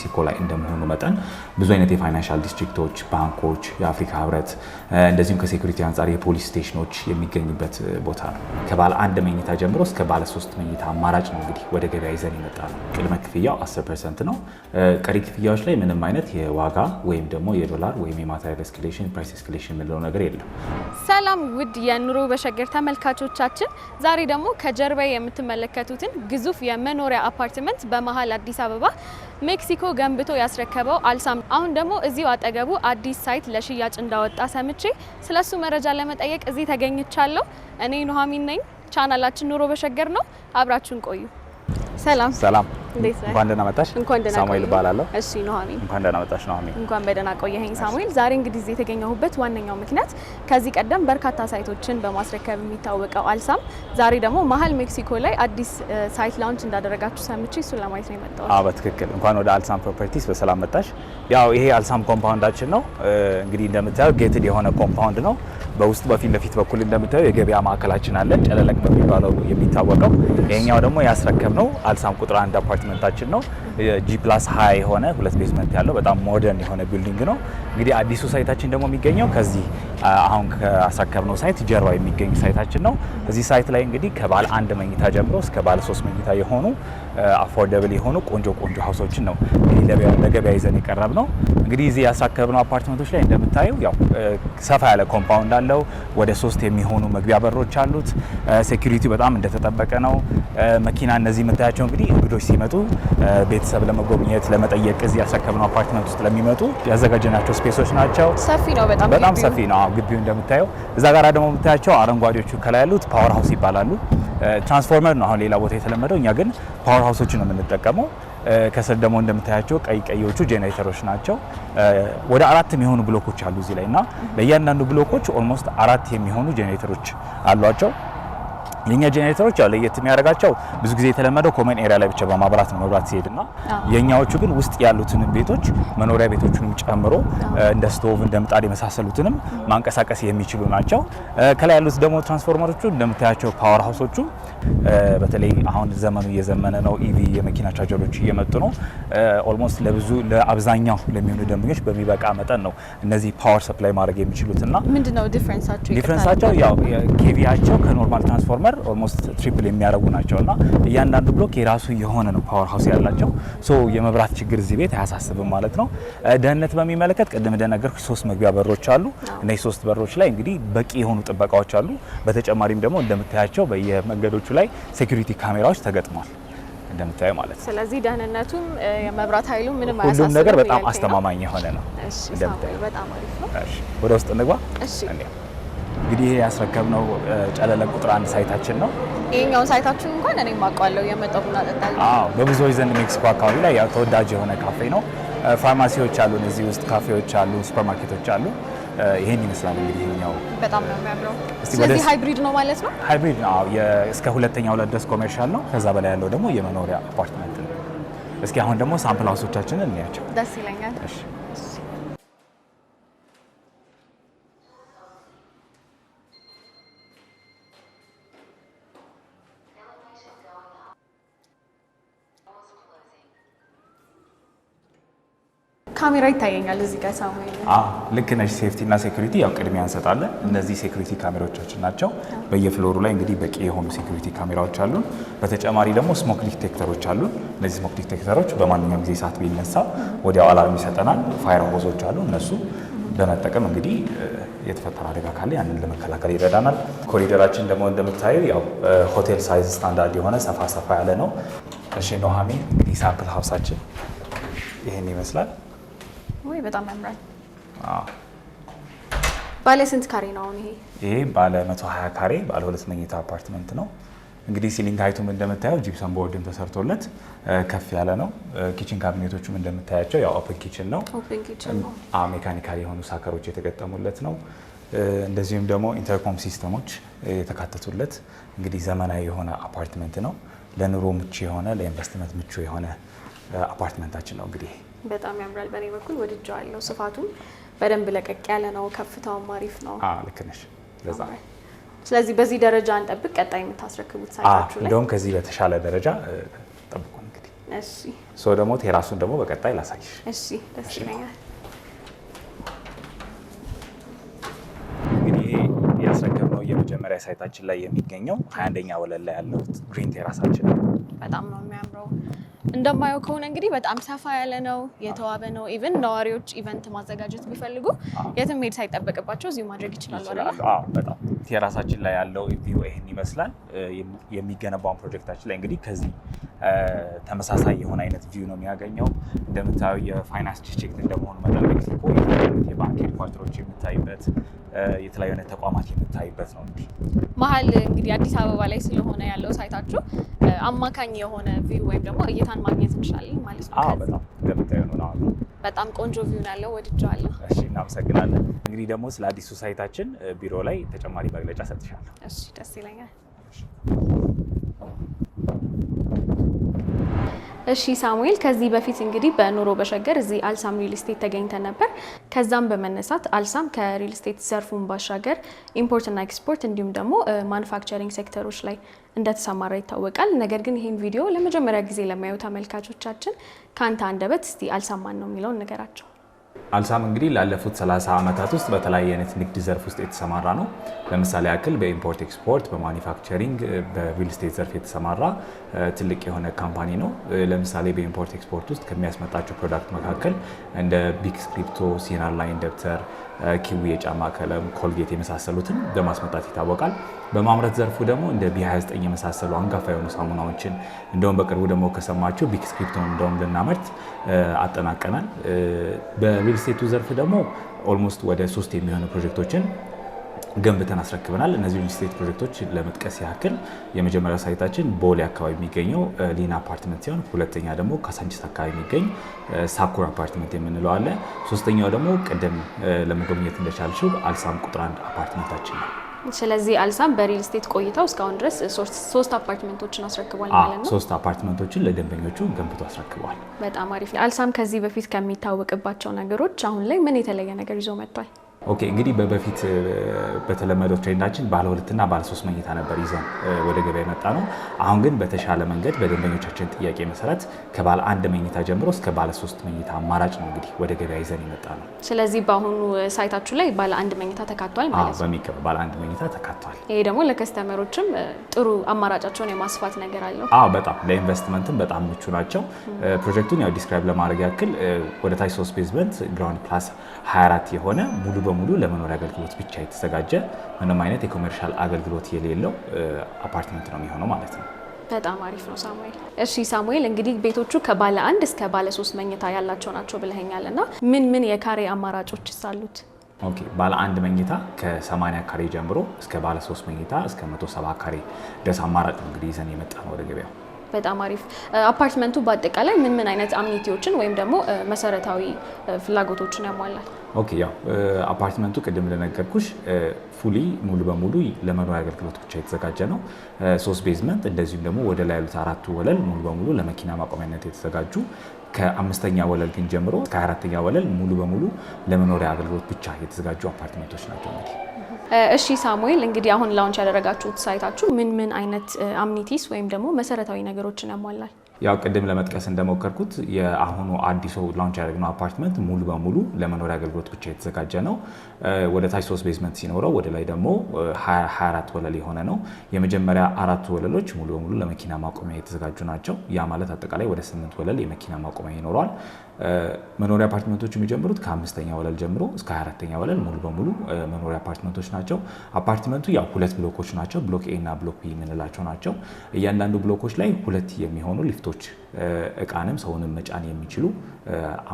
ሜክሲኮ ላይ እንደመሆኑ መጠን ብዙ አይነት የፋይናንሻል ዲስትሪክቶች፣ ባንኮች፣ የአፍሪካ ህብረት እንደዚሁም ከሴኩሪቲ አንጻር የፖሊስ ስቴሽኖች የሚገኙበት ቦታ ነው። ከባለ አንድ መኝታ ጀምሮ እስከ ባለ ሶስት መኝታ አማራጭ ነው እንግዲህ ወደ ገበያ ይዘን ይመጣል። ቅድመ ክፍያው 10 ፐርሰንት ነው። ቀሪ ክፍያዎች ላይ ምንም አይነት የዋጋ ወይም ደግሞ የዶላር ወይም የማቴሪያል ኤስካሌሽን ፕራይስ ኤስካሌሽን የምንለው ነገር የለም። ሰላም ውድ የኑሮ በሸገር ተመልካቾቻችን፣ ዛሬ ደግሞ ከጀርባ የምትመለከቱትን ግዙፍ የመኖሪያ አፓርትመንት በመሀል አዲስ አበባ ሜክሲኮ ገንብቶ ያስረከበው አልሳም አሁን ደግሞ እዚሁ አጠገቡ አዲስ ሳይት ለሽያጭ እንዳወጣ ሰምቼ ስለሱ መረጃ ለመጠየቅ እዚህ ተገኝቻለሁ። እኔ ኑሀሚን ነኝ። ቻናላችን ኑሮ በሸገር ነው። አብራችሁን ቆዩ። ሰላም ሰላም። እንኳን ደህና መጣሽ። ሳሙኤል እባላለሁ። እሺ ኑሃሚን፣ እንኳን ደህና መጣሽ ኑሃሚን። እንኳን በደህና ቆየኸኝ ሳሙኤል። ዛሬ እንግዲህ እዚህ የተገኘሁበት ዋነኛው ምክንያት ከዚህ ቀደም በርካታ ሳይቶችን በማስረከብ የሚታወቀው አልሳም ዛሬ ደግሞ መሀል ሜክሲኮ ላይ አዲስ ሳይት ላውንች እንዳደረጋችሁ ሰምቼ እሱን ለማየት ነው የመጣሁት። አዎ በትክክል እንኳን ወደ አልሳም ፕሮፐርቲስ በሰላም መጣሽ። ያው ይሄ አልሳም ኮምፓውንዳችን ነው። እንግዲህ እንደምታየው ጌትድ የሆነ ኮምፓውንድ ነው። በውስጡ በፊት ለፊት በኩል እንደምታየው የገበያ ማዕከላችን አለን፣ ጨለለቅ በሚባለው የሚታወቀው። ይሄኛው ደግሞ ያስረከብ ነው አልሳም ቁጥር አንድ አፓርትመንታችን ነው። ጂ ፕላስ ሀያ የሆነ ሁለት ቤዝመንት ያለው በጣም ሞደርን የሆነ ቢልዲንግ ነው። እንግዲህ አዲሱ ሳይታችን ደግሞ የሚገኘው ከዚህ አሁን ካስረከብነው ሳይት ጀርባ የሚገኝ ሳይታችን ነው። እዚህ ሳይት ላይ እንግዲህ ከባለ አንድ መኝታ ጀምሮ እስከ ባለ ሶስት መኝታ የሆኑ አፎርደብል የሆኑ ቆንጆ ቆንጆ ሀውሶችን ነው ለገበያ ይዘን የቀረብ ነው። እንግዲህ እዚህ ያስረከብነው አፓርትመንቶች ላይ እንደምታየው ያው ሰፋ ያለ ኮምፓውንድ አለው። ወደ ሶስት የሚሆኑ መግቢያ በሮች አሉት። ሴኩሪቲ በጣም እንደተጠበቀ ነው። መኪና እነዚህ የምታያቸው እንግዲህ እንግዶች ሲመጡ ቤተሰብ ለመጎብኘት ለመጠየቅ እዚህ ያስረከብነው አፓርትመንት ውስጥ ለሚመጡ ያዘጋጀናቸው ስፔሶች ናቸው። ሰፊ ነው፣ በጣም ሰፊ ነው ግቢው እንደምታየው። እዛ ጋር ደግሞ የምታያቸው አረንጓዴዎቹ ከላይ ያሉት ፓወር ሀውስ ይባላሉ። ትራንስፎርመር ነው አሁን ሌላ ቦታ የተለመደው፣ እኛ ግን ፓወር ሀውሶች ነው የምንጠቀመው። ከስር ደግሞ እንደምታያቸው ቀይ ቀዮቹ ጄኔሬተሮች ናቸው። ወደ አራት የሚሆኑ ብሎኮች አሉ እዚህ ላይ እና ለእያንዳንዱ ብሎኮች ኦልሞስት አራት የሚሆኑ ጄኔሬተሮች አሏቸው። የኛ ጄኔሬተሮች ያው ለየት የሚያደርጋቸው ብዙ ጊዜ የተለመደው ኮመን ኤሪያ ላይ ብቻ በማብራት ነው መብራት ሲሄድና የኛዎቹ ግን ውስጥ ያሉትን ቤቶች መኖሪያ ቤቶቹንም ጨምሮ እንደ ስቶቭ እንደ ምጣድ የመሳሰሉትንም ማንቀሳቀስ የሚችሉ ናቸው። ከላይ ያሉት ደግሞ ትራንስፎርመሮቹ እንደምታያቸው ፓወር ሀውሶቹ በተለይ አሁን ዘመኑ እየዘመነ ነው። ኢቪ የመኪና ቻርጀሮች እየመጡ ነው። ኦልሞስት ለብዙ ለአብዛኛው ለሚሆኑ ደንበኞች በሚበቃ መጠን ነው እነዚህ ፓወር ሰፕላይ ማድረግ የሚችሉትና ምንድነው ዲፍረንሳቸው ያው ኬቪያቸው ከኖርማል ትራንስፎርመር በስተቀር ኦልሞስት ትሪፕል የሚያደርጉ ናቸው እና እያንዳንዱ ብሎክ የራሱ የሆነ ነው ፓወር ሀውስ ያላቸው። ሶ የመብራት ችግር እዚህ ቤት አያሳስብም ማለት ነው። ደህንነት በሚመለከት ቅድም እንደነገርኩ ሶስት መግቢያ በሮች አሉ። እነዚህ ሶስት በሮች ላይ እንግዲህ በቂ የሆኑ ጥበቃዎች አሉ። በተጨማሪም ደግሞ እንደምታያቸው በየመንገዶቹ ላይ ሴኩሪቲ ካሜራዎች ተገጥሟል እንደምታዩ ማለት ነው። ስለዚህ ደህንነቱም የመብራት ኃይሉ ምንም አያሳስብም። ሁሉም ነገር በጣም አስተማማኝ የሆነ ነው እንደምታዩ። በጣም አሪፍ ነው። ወደ ውስጥ እንግባ። እሺ እንግዲህ ይሄ ያስረከብነው ጨለለ ቁጥር አንድ ሳይታችን ነው። ይሄኛውን ሳይታችሁ እንኳን እኔ ማቋለው የመጣው ቡና እጠጣለሁ። አዎ፣ በብዙዎች ዘንድ ሜክሲኮ አካባቢ ላይ ያው ተወዳጅ የሆነ ካፌ ነው። ፋርማሲዎች አሉ፣ እዚህ ውስጥ ካፌዎች አሉ፣ ሱፐርማርኬቶች አሉ። ይሄን ይመስላል እንግዲህ ይሄኛው በጣም ነው የሚያምረው። ስለዚህ ሃይብሪድ ነው ማለት ነው። ሃይብሪድ ነው። እስከ ሁለተኛው ሁለት ድረስ ኮሜርሻል ነው። ከዛ በላይ ያለው ደግሞ የመኖሪያ አፓርትመንት ነው። እስኪ አሁን ደግሞ ሳምፕል ሀውሶቻችንን እንያቸው። ደስ ይለኛል። እሺ ካሜራ ይታየኛል እዚህ ጋር ሳሙኤል። ልክ ነሽ። ሴፍቲ እና ሴኩሪቲ ያው ቅድሚያ እንሰጣለን። እነዚህ ሴኩሪቲ ካሜራዎቻችን ናቸው። በየፍሎሩ ላይ እንግዲህ በቂ የሆኑ ሴኩሪቲ ካሜራዎች አሉን። በተጨማሪ ደግሞ ስሞክ ዲቴክተሮች አሉን። እነዚህ ስሞክ ዲቴክተሮች በማንኛውም ጊዜ ሰዓት ቢነሳ ወዲያው አላርም ይሰጠናል። ፋየር ሆዞች አሉ። እነሱ በመጠቀም እንግዲህ የተፈጠረ አደጋ ካለ ያንን ለመከላከል ይረዳናል። ኮሪደራችን ደግሞ እንደምታየው ያው ሆቴል ሳይዝ ስታንዳርድ የሆነ ሰፋ ሰፋ ያለ ነው። እሺ ኑሃሚን እንግዲህ ሳምፕል ሀውሳችን ይህን ይመስላል። ወይ በጣም ያምራል። ባለ ስንት ካሬ ነው አሁን ይሄ? ይሄ ባለ 120 ካሬ ባለ ሁለት መኝታ አፓርትመንት ነው። እንግዲህ ሲሊንግ ሀይቱም እንደምታየው ጂፕሰን ቦርድም ተሰርቶለት ከፍ ያለ ነው። ኪችን ካቢኔቶቹም እንደምታያቸው ያው ኦፕን ኪችን ነው። ሜካኒካል የሆኑ ሳከሮች የተገጠሙለት ነው። እንደዚሁም ደግሞ ኢንተርኮም ሲስተሞች የተካተቱለት እንግዲህ ዘመናዊ የሆነ አፓርትመንት ነው። ለኑሮ ምቹ የሆነ ለኢንቨስትመንት ምቹ የሆነ አፓርትመንታችን ነው እንግዲህ በጣም ያምራል። በእኔ በኩል ወድጀዋለሁ። ስፋቱም በደንብ ለቀቅ ያለ ነው። ከፍታውም አሪፍ ነው። ልክ ነሽ። ለዛ ስለዚህ በዚህ ደረጃ እንጠብቅ። ቀጣይ የምታስረክቡት ሳይታችሁ ላይ እንደውም ከዚህ በተሻለ ደረጃ ጠብቁ። እንግዲህ እሺ። ሶ ደግሞ ቴራሱን ደግሞ በቀጣይ ላሳይሽ። እሺ፣ ደስ ይለኛል። እንግዲህ የመጀመሪያ ሳይታችን ላይ የሚገኘው ሀያ አንደኛ ወለል ላይ ያለው ግሪን ቴራሳችን በጣም ነው የሚያምር እንደማየው ከሆነ እንግዲህ በጣም ሰፋ ያለ ነው፣ የተዋበ ነው። ኢቨን ነዋሪዎች ኢቨንት ማዘጋጀት ቢፈልጉ የትም ሄድ ሳይጠበቅባቸው እዚሁ ማድረግ ይችላሉ። በጣም ቴራሳችን ላይ ያለው ቪው ይህን ይመስላል። የሚገነባውን ፕሮጀክታችን ላይ እንግዲህ ከዚህ ተመሳሳይ የሆነ አይነት ቪው ነው የሚያገኘው። እንደምታዩ የፋይናንስ ዲስትሪክት እንደመሆኑ መጠን ሜክሲኮ የባንክ ሄድኳርተሮች የሚታዩበት የተለያዩ አይነት ተቋማት የምታይበት ነው። እንግዲህ መሀል እንግዲህ አዲስ አበባ ላይ ስለሆነ ያለው ሳይታችሁ አማካኝ የሆነ ቪው ወይም ደግሞ እይታን ማግኘት እንችላለን ማለት ነው። በጣም እንደምታዩ ነው። በጣም ቆንጆ ቪው ያለው ወድጀዋለሁ። እሺ እናመሰግናለን። እንግዲህ ደግሞ ስለ አዲሱ ሳይታችን ቢሮ ላይ ተጨማሪ መግለጫ ሰጥሻለሁ። እሺ ደስ ይለኛል። እሺ ሳሙኤል፣ ከዚህ በፊት እንግዲህ በኑሮ በሸገር እዚህ አልሳም ሪል ስቴት ተገኝተን ነበር። ከዛም በመነሳት አልሳም ከሪል ስቴት ዘርፉን ባሻገር ኢምፖርትና ኤክስፖርት እንዲሁም ደግሞ ማኑፋክቸሪንግ ሴክተሮች ላይ እንደተሰማራ ይታወቃል። ነገር ግን ይህን ቪዲዮ ለመጀመሪያ ጊዜ ለማየው ተመልካቾቻችን ከአንተ አንደበት እስቲ አልሳም ማን ነው የሚለውን ነገራቸው። አልሳም እንግዲህ ላለፉት 30 ዓመታት ውስጥ በተለያየ አይነት ንግድ ዘርፍ ውስጥ የተሰማራ ነው። ለምሳሌ ያክል በኢምፖርት ኤክስፖርት፣ በማኒፋክቸሪንግ፣ በሪል ስቴት ዘርፍ የተሰማራ ትልቅ የሆነ ካምፓኒ ነው። ለምሳሌ በኢምፖርት ኤክስፖርት ውስጥ ከሚያስመጣቸው ፕሮዳክት መካከል እንደ ቢክ ስክሪፕቶ፣ ሲናር ላይን ደብተር ኪዊ የጫማ ቀለም፣ ኮልጌት የመሳሰሉትን በማስመጣት ይታወቃል። በማምረት ዘርፉ ደግሞ እንደ ቢ29 የመሳሰሉ አንጋፋ የሆኑ ሳሙናዎችን እንደውም በቅርቡ ደግሞ ከሰማችሁ ቢክስክሪፕቶን እንደውም ልናመርት አጠናቀናል። በሪልስቴቱ ዘርፍ ደግሞ ኦልሞስት ወደ ሶስት የሚሆኑ ፕሮጀክቶችን ገንብተን አስረክበናል። እነዚህ ሪል ስቴት ፕሮጀክቶች ለመጥቀስ ያክል የመጀመሪያ ሳይታችን ቦሌ አካባቢ የሚገኘው ሊና አፓርትመንት ሲሆን ሁለተኛ ደግሞ ካሳንቺስ አካባቢ የሚገኝ ሳኩር አፓርትመንት የምንለው አለ። ሶስተኛው ደግሞ ቅድም ለመጎብኘት እንደቻልሽው አልሳም ቁጥር አንድ አፓርትመንታችን ነው። ስለዚህ አልሳም በሪል ስቴት ቆይታው እስካሁን ድረስ ሶስት አፓርትመንቶችን አስረክቧል ማለት ነው። ሶስት አፓርትመንቶችን ለደንበኞቹ ገንብቶ አስረክቧል። በጣም አሪፍ። አልሳም ከዚህ በፊት ከሚታወቅባቸው ነገሮች አሁን ላይ ምን የተለየ ነገር ይዞ መጥቷል? ኦኬ እንግዲህ በፊት በተለመደው ትሬንዳችን ባለ ሁለትና ባለ ሶስት መኝታ ነበር ይዘን ወደ ገበያ የመጣ ነው። አሁን ግን በተሻለ መንገድ በደንበኞቻችን ጥያቄ መሰረት ከባለ አንድ መኝታ ጀምሮ እስከ ባለ ሶስት መኝታ አማራጭ ነው እንግዲህ ወደ ገበያ ይዘን የመጣ ነው። ስለዚህ በአሁኑ ሳይታችሁ ላይ ባለ አንድ መኝታ ተካቷል ማለት ነው። በሚገባ ባለ አንድ መኝታ ተካቷል። ይሄ ደግሞ ለከስተመሮችም ጥሩ አማራጫቸውን የማስፋት ነገር አለው። አዎ በጣም ለኢንቨስትመንትም በጣም ምቹ ናቸው። ፕሮጀክቱን ያው ዲስክራይብ ለማድረግ ያክል ወደ ታች ሶስት ቤዝመንት ግራውንድ ፕላስ 24 የሆነ ሙሉ በሙሉ ለመኖሪያ አገልግሎት ብቻ የተዘጋጀ ምንም አይነት የኮሜርሻል አገልግሎት የሌለው አፓርትመንት ነው የሚሆነው ማለት ነው። በጣም አሪፍ ነው ሳሙኤል። እሺ ሳሙኤል እንግዲህ ቤቶቹ ከባለ አንድ እስከ ባለ ሶስት መኝታ ያላቸው ናቸው ብለኸኛል እና ምን ምን የካሬ አማራጮች አሉት? ኦኬ ባለ አንድ መኝታ ከ80 ካሬ ጀምሮ እስከ ባለ ሶስት መኝታ እስከ 170 ካሬ ድረስ አማራጭ እንግዲህ ይዘን የመጣ ነው ወደ ገበያው በጣም አሪፍ። አፓርትመንቱ በአጠቃላይ ምን ምን አይነት አሚኒቲዎችን ወይም ደግሞ መሰረታዊ ፍላጎቶችን ያሟላል? ኦኬ ያው አፓርትመንቱ ቅድም እንደነገርኩሽ ፉሊ ሙሉ በሙሉ ለመኖሪያ አገልግሎት ብቻ የተዘጋጀ ነው። ሶስት ቤዝመንት እንደዚሁም ደግሞ ወደ ላይ ያሉት አራቱ ወለል ሙሉ በሙሉ ለመኪና ማቆሚያነት የተዘጋጁ ከአምስተኛ ወለል ግን ጀምሮ እስከ አራተኛ ወለል ሙሉ በሙሉ ለመኖሪያ አገልግሎት ብቻ የተዘጋጁ አፓርትመንቶች ናቸው እንግዲህ እሺ ሳሙኤል እንግዲህ አሁን ላውንች ያደረጋችሁት ሳይታችሁ ምን ምን አይነት አምኒቲስ ወይም ደግሞ መሰረታዊ ነገሮችን ያሟላል? ያው ቅድም ለመጥቀስ እንደሞከርኩት የአሁኑ አዲሱ ላንች ያደረግነው አፓርትመንት ሙሉ በሙሉ ለመኖሪያ አገልግሎት ብቻ የተዘጋጀ ነው። ወደ ታች ሶስት ቤዝመንት ሲኖረው ወደ ላይ ደግሞ 24 ወለል የሆነ ነው። የመጀመሪያ አራቱ ወለሎች ሙሉ በሙሉ ለመኪና ማቆሚያ የተዘጋጁ ናቸው። ያ ማለት አጠቃላይ ወደ ስምንት ወለል የመኪና ማቆሚያ ይኖረዋል። መኖሪያ አፓርትመንቶች የሚጀምሩት ከአምስተኛ ወለል ጀምሮ እስከ 24ተኛ ወለል ሙሉ በሙሉ መኖሪያ አፓርትመንቶች ናቸው። አፓርትመንቱ ያው ሁለት ብሎኮች ናቸው። ብሎክ ኤ እና ብሎክ ቢ የምንላቸው ናቸው። እያንዳንዱ ብሎኮች ላይ ሁለት የሚሆኑ ሊፍቶች እቃንም ሰውንም መጫን የሚችሉ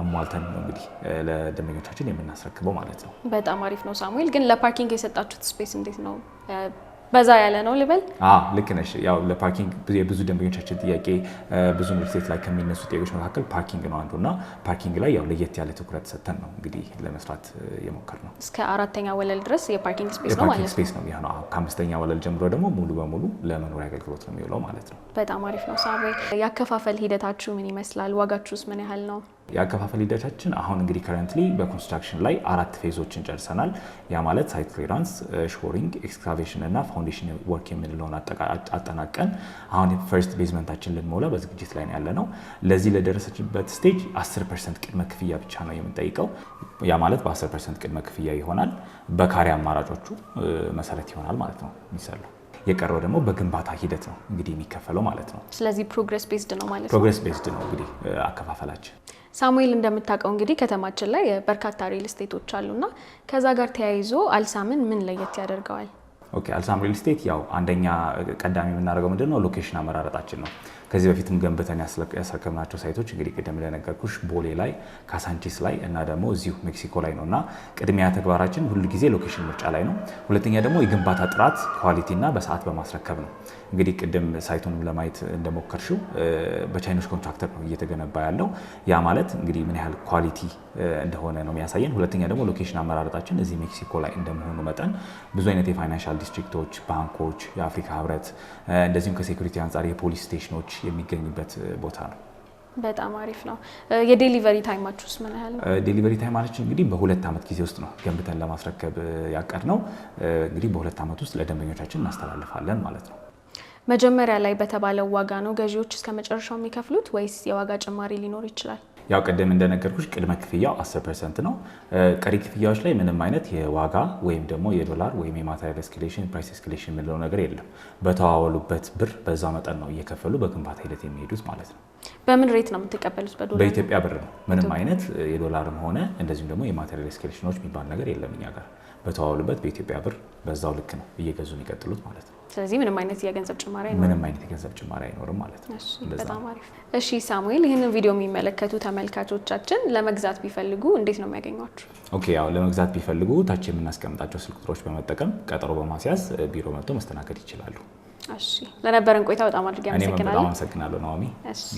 አሟልተን ነው እንግዲህ ለደንበኞቻችን የምናስረክበው ማለት ነው። በጣም አሪፍ ነው። ሳሙኤል ግን ለፓርኪንግ የሰጣችሁት ስፔስ እንዴት ነው? በዛ ያለ ነው ልበል። ልክ ነሽ። ያው ለፓርኪንግ የብዙ ደንበኞቻችን ጥያቄ ብዙ ሪልስቴት ላይ ከሚነሱ ጥያቄዎች መካከል ፓርኪንግ ነው አንዱ እና ፓርኪንግ ላይ ያው ለየት ያለ ትኩረት ሰጥተን ነው እንግዲህ ለመስራት ነው። እስከ አራተኛ ወለል ድረስ የፓርኪንግ ስፔስ ነው ማለት ስፔስ ነው። ከአምስተኛ ወለል ጀምሮ ደግሞ ሙሉ በሙሉ ለመኖሪያ አገልግሎት ነው የሚውለው ማለት ነው። በጣም አሪፍ ነው። ሳሙኤል፣ ያከፋፈል ሂደታችሁ ምን ይመስላል? ዋጋችሁስ ምን ያህል ነው? የአከፋፈል ሂደታችን አሁን እንግዲህ ከረንትሊ በኮንስትራክሽን ላይ አራት ፌዞችን ጨርሰናል። ያ ማለት ሳይት ክሊራንስ፣ ሾሪንግ፣ ኤክስካቬሽን እና ፋውንዴሽን ወርክ የምንለውን አጠናቀን አሁን ፈርስት ቤዝመንታችን ልንሞላ በዝግጅት ላይ ያለ ነው። ለዚህ ለደረሰችበት ስቴጅ 10 ፐርሰንት ቅድመ ክፍያ ብቻ ነው የምንጠይቀው። ያ ማለት በ10 ፐርሰንት ቅድመ ክፍያ ይሆናል። በካሬ አማራጮቹ uh, መሰረት ይሆናል ማለት ነው የሚሰራው የቀረው ደግሞ በግንባታ ሂደት ነው እንግዲህ የሚከፈለው ማለት ነው። ስለዚህ ፕሮግረስ ቤዝድ ነው ማለት ነው። ፕሮግረስ ቤዝድ ነው እንግዲህ uh, አከፋፈላችን ሳሙኤል እንደምታውቀው እንግዲህ ከተማችን ላይ በርካታ ሪል ስቴቶች አሉና ከዛ ጋር ተያይዞ አልሳምን ምን ለየት ያደርገዋል? ኦኬ አልሳም ሪል ስቴት ያው አንደኛ ቀዳሚ የምናደርገው ምንድን ነው ሎኬሽን አመራረጣችን ነው። ከዚህ በፊትም ገንብተን ያስረከብናቸው ሳይቶች እንግዲህ ቅድም እንደነገርኩሽ ቦሌ ላይ፣ ካሳንቺስ ላይ እና ደግሞ እዚሁ ሜክሲኮ ላይ ነው እና ቅድሚያ ተግባራችን ሁል ጊዜ ሎኬሽን ምርጫ ላይ ነው። ሁለተኛ ደግሞ የግንባታ ጥራት ኳሊቲ እና በሰዓት በማስረከብ ነው። እንግዲህ ቅድም ሳይቱንም ለማየት እንደሞከርሽው በቻይኖች ኮንትራክተር ነው እየተገነባ ያለው። ያ ማለት እንግዲህ ምን ያህል ኳሊቲ እንደሆነ ነው የሚያሳየን። ሁለተኛ ደግሞ ሎኬሽን አመራረጣችን እዚህ ሜክሲኮ ላይ እንደመሆኑ መጠን ብዙ አይነት የፋይናንሻል ዲስትሪክቶች፣ ባንኮች፣ የአፍሪካ ህብረት እንደዚሁም ከሴኩሪቲ አንጻር የፖሊስ ስቴሽኖች የሚገኙበት ቦታ ነው። በጣም አሪፍ ነው። የዴሊቨሪ ታይማችሁስ ምን ያህል ነው? ዴሊቨሪ ታይማችን እንግዲህ በሁለት ዓመት ጊዜ ውስጥ ነው ገንብተን ለማስረከብ ያቀድ ነው። እንግዲህ በሁለት ዓመት ውስጥ ለደንበኞቻችን እናስተላልፋለን ማለት ነው። መጀመሪያ ላይ በተባለው ዋጋ ነው ገዢዎች እስከ መጨረሻው የሚከፍሉት ወይስ የዋጋ ጭማሪ ሊኖር ይችላል? ያው ቅድም እንደነገርኩሽ ቅድመ ክፍያው 10 ፐርሰንት ነው። ቀሪ ክፍያዎች ላይ ምንም አይነት የዋጋ ወይም ደግሞ የዶላር ወይም የማቴሪያል ኤስኬሌሽን ፕራይስ ኤስኬሌሽን የምንለው ነገር የለም። በተዋወሉበት ብር በዛ መጠን ነው እየከፈሉ በግንባታ ሂደት የሚሄዱት ማለት ነው። በምን ሬት ነው የምትቀበሉት? በኢትዮጵያ ብር ነው። ምንም አይነት የዶላርም ሆነ እንደዚሁም ደግሞ የማቴሪያል ኤስኬሌሽኖች የሚባል ነገር የለም እኛ ጋር። በተዋወሉበት በኢትዮጵያ ብር በዛው ልክ ነው እየገዙ የሚቀጥሉት ማለት ነው። ስለዚህ ምንም አይነት የገንዘብ ጭማሪ አይኖርም፣ ምንም አይነት የገንዘብ ጭማሪ አይኖርም ማለት ነው። በጣም አሪፍ። እሺ ሳሙኤል፣ ይህንን ቪዲዮ የሚመለከቱ ተመልካቾቻችን ለመግዛት ቢፈልጉ እንዴት ነው የሚያገኟቸው? ኦኬ፣ ያው ለመግዛት ቢፈልጉ ታች የምናስቀምጣቸው ስልክ ቁጥሮች በመጠቀም ቀጠሮ በማስያዝ ቢሮ መጥቶ መስተናገድ ይችላሉ። እሺ፣ ለነበረን ቆይታ በጣም አድርጌ አመሰግናለሁ። በጣም አመሰግናለሁ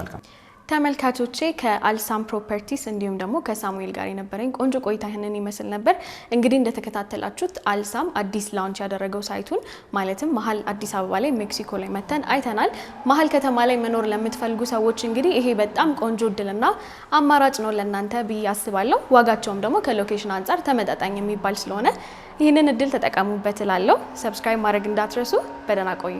መልካም ተመልካቾቼ ከአልሳም ፕሮፐርቲስ እንዲሁም ደግሞ ከሳሙኤል ጋር የነበረኝ ቆንጆ ቆይታ ይህንን ይመስል ነበር። እንግዲህ እንደተከታተላችሁት አልሳም አዲስ ላውንች ያደረገው ሳይቱን ማለትም መሀል አዲስ አበባ ላይ ሜክሲኮ ላይ መተን አይተናል። መሀል ከተማ ላይ መኖር ለምትፈልጉ ሰዎች እንግዲህ ይሄ በጣም ቆንጆ እድልና አማራጭ ነው ለእናንተ ብዬ አስባለሁ። ዋጋቸውም ደግሞ ከሎኬሽን አንጻር ተመጣጣኝ የሚባል ስለሆነ ይህንን እድል ተጠቀሙበት እላለሁ። ሰብስክራይብ ማድረግ እንዳትረሱ። በደህና ቆዩ።